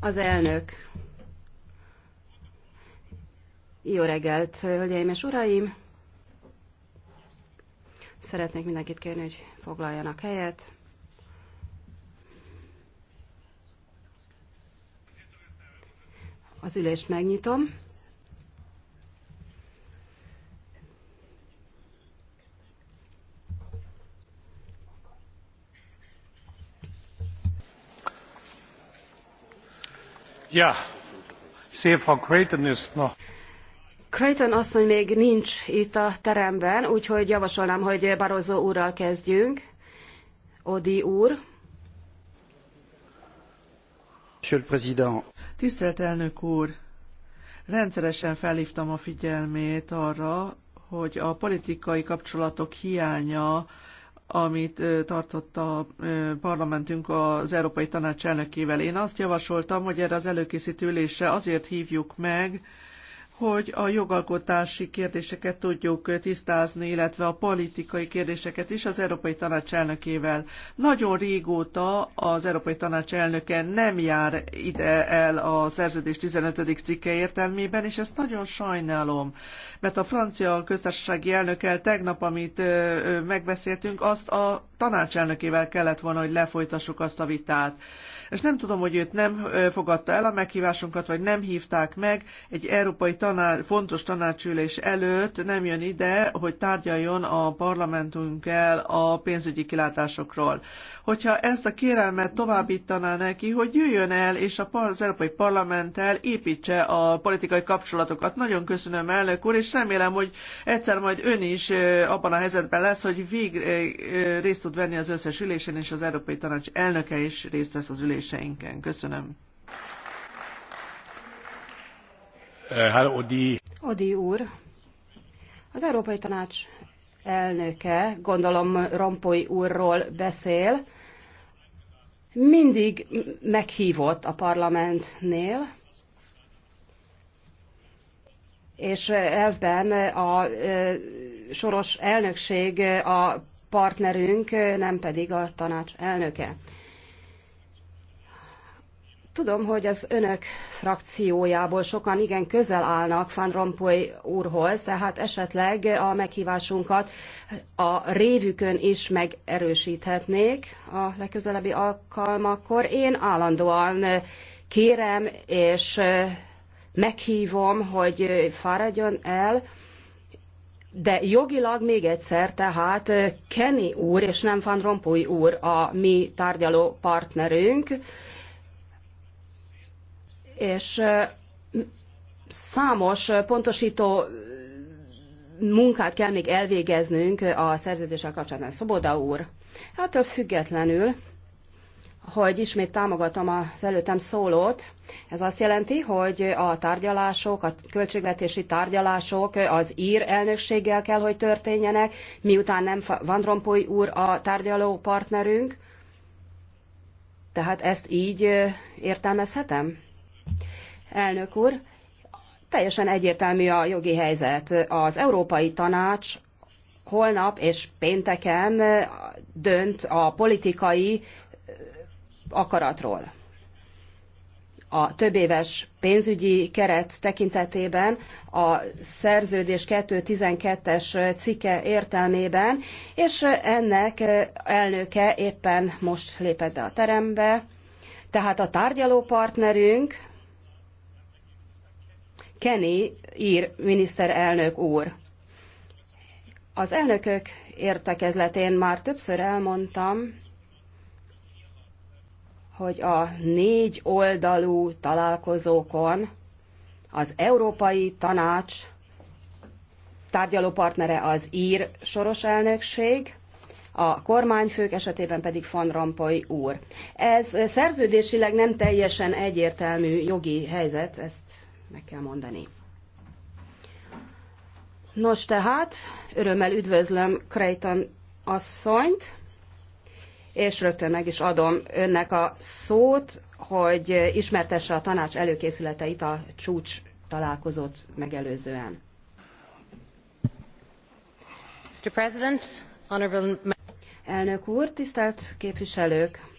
Az elnök. Jó reggelt, hölgyeim és uraim! Szeretnék mindenkit kérni, hogy foglaljanak helyet. Az ülést megnyitom. Creighton asszony még nincs itt a teremben, úgyhogy javasolnám, hogy barroso úrral kezdjünk. Odi úr. Tisztelt elnök úr! Rendszeresen felhvtam a figyelmét arra, hogy a politikai kapcsolatok hiánya amit tartott a parlamentünk az Európai Tanács elnökével. Én azt javasoltam, hogy erre az előkészítő ülésre azért hívjuk meg, hogy a jogalkotási kérdéseket tudjuk tisztázni, illetve a politikai kérdéseket is az Európai Tanács elnökével. Nagyon régóta az Európai Tanács elnöke nem jár ide el a szerződés 15. cikke értelmében, és ezt nagyon sajnálom, mert a francia köztársasági elnökkel tegnap, amit megbeszéltünk, azt a tanácselnökével kellett volna, hogy lefolytassuk azt a vitát. És nem tudom, hogy őt nem fogadta el a meghívásunkat, vagy nem hívták meg. Egy európai tanács, fontos tanácsülés előtt nem jön ide, hogy tárgyaljon a parlamentünkkel a pénzügyi kilátásokról. Hogyha ezt a kérelmet továbbítaná neki, hogy jöjjön el, és az Európai Parlamenttel építse a politikai kapcsolatokat. Nagyon köszönöm, elnök úr, és remélem, hogy egyszer majd ön is abban a helyzetben lesz, hogy vég részt tud venni az összes ülésen, és az Európai Tanács elnöke is részt vesz az üléseinken. Köszönöm. Eh, hello, Odi. Odi úr. Az Európai Tanács elnöke, gondolom Rompoy úrról beszél, mindig meghívott a parlamentnél, és elvben a eh, soros elnökség a partnerünk, nem pedig a tanács elnöke. Tudom, hogy az önök frakciójából sokan igen közel állnak Van Rompuy úrhoz, tehát esetleg a meghívásunkat a révükön is megerősíthetnék a legközelebbi alkalmakkor. Én állandóan kérem és meghívom, hogy fáradjon el, de jogilag még egyszer, tehát eh, Kenny úr és nem Van Rompuy úr a mi tárgyaló partnerünk, és eh, számos pontosító eh, munkát kell még elvégeznünk a szerződéssel kapcsolatban. Szoboda úr, hát függetlenül hogy ismét támogatom az előttem szólót. Ez azt jelenti, hogy a tárgyalások, a költségvetési tárgyalások az ír elnökséggel kell, hogy történjenek, miután nem Van Rompuy úr a tárgyaló partnerünk. Tehát ezt így értelmezhetem? Elnök úr, teljesen egyértelmű a jogi helyzet. Az Európai Tanács holnap és pénteken dönt a politikai akaratról. A éves pénzügyi keret tekintetében a szerződés 2.12-es cikke értelmében, és ennek elnöke éppen most lépett be a terembe, tehát a tárgyaló partnerünk Kenny ír miniszterelnök úr. Az elnökök értekezletén már többször elmondtam, hogy a négy oldalú találkozókon az Európai Tanács tárgyalópartnere az ír soros elnökség, a kormányfők esetében pedig Van Rompuy úr. Ez szerződésileg nem teljesen egyértelmű jogi helyzet, ezt meg kell mondani. Nos tehát, örömmel üdvözlöm Creighton asszonyt, és rögtön meg is adom önnek a szót, hogy ismertesse a tanács előkészületeit a csúcs találkozót megelőzően. Mr. President, honorable... Elnök úr, tisztelt képviselők!